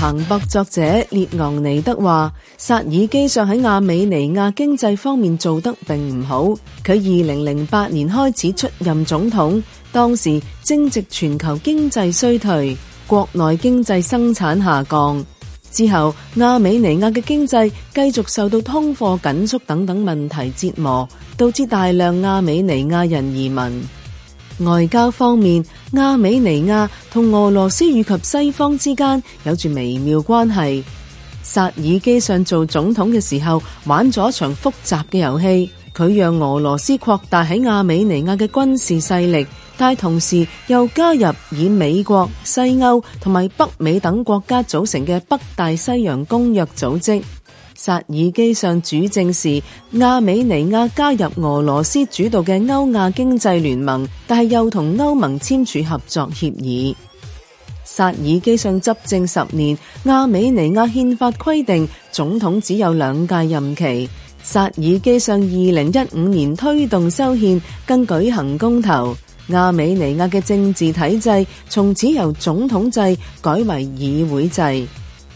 彭博作者列昂尼德話，薩爾基上喺亞美尼亞經濟方面做得並唔好。佢二零零八年開始出任總統，當時正值全球經濟衰退，國內經濟生產下降。之後，亞美尼亞嘅經濟繼續受到通貨緊縮等等問題折磨，導致大量亞美尼亞人移民。外交方面，亞美尼亞同俄羅斯以及西方之間有住微妙關係。薩爾基上做總統嘅時候，玩咗一場複雜嘅遊戲。佢讓俄羅斯擴大喺亞美尼亞嘅軍事勢力，但係同時又加入以美國、西歐同埋北美等國家組成嘅北大西洋公約組織。薩爾基相主政時，亞美尼亞加入俄羅斯主導嘅歐亞經濟聯盟，但係又同歐盟簽署合作協議。薩爾基相執政十年，亞美尼亞憲法規定總統只有兩屆任期。薩爾基相二零一五年推動修憲，更舉行公投。亞美尼亞嘅政治體制從此由總統制改為議會制。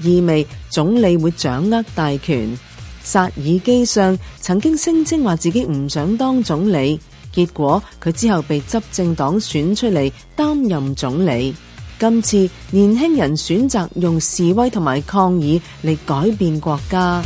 意味總理會掌握大權。薩爾基相曾經聲稱話自己唔想當總理，結果佢之後被執政黨選出嚟擔任總理。今次年輕人選擇用示威同埋抗議嚟改變國家。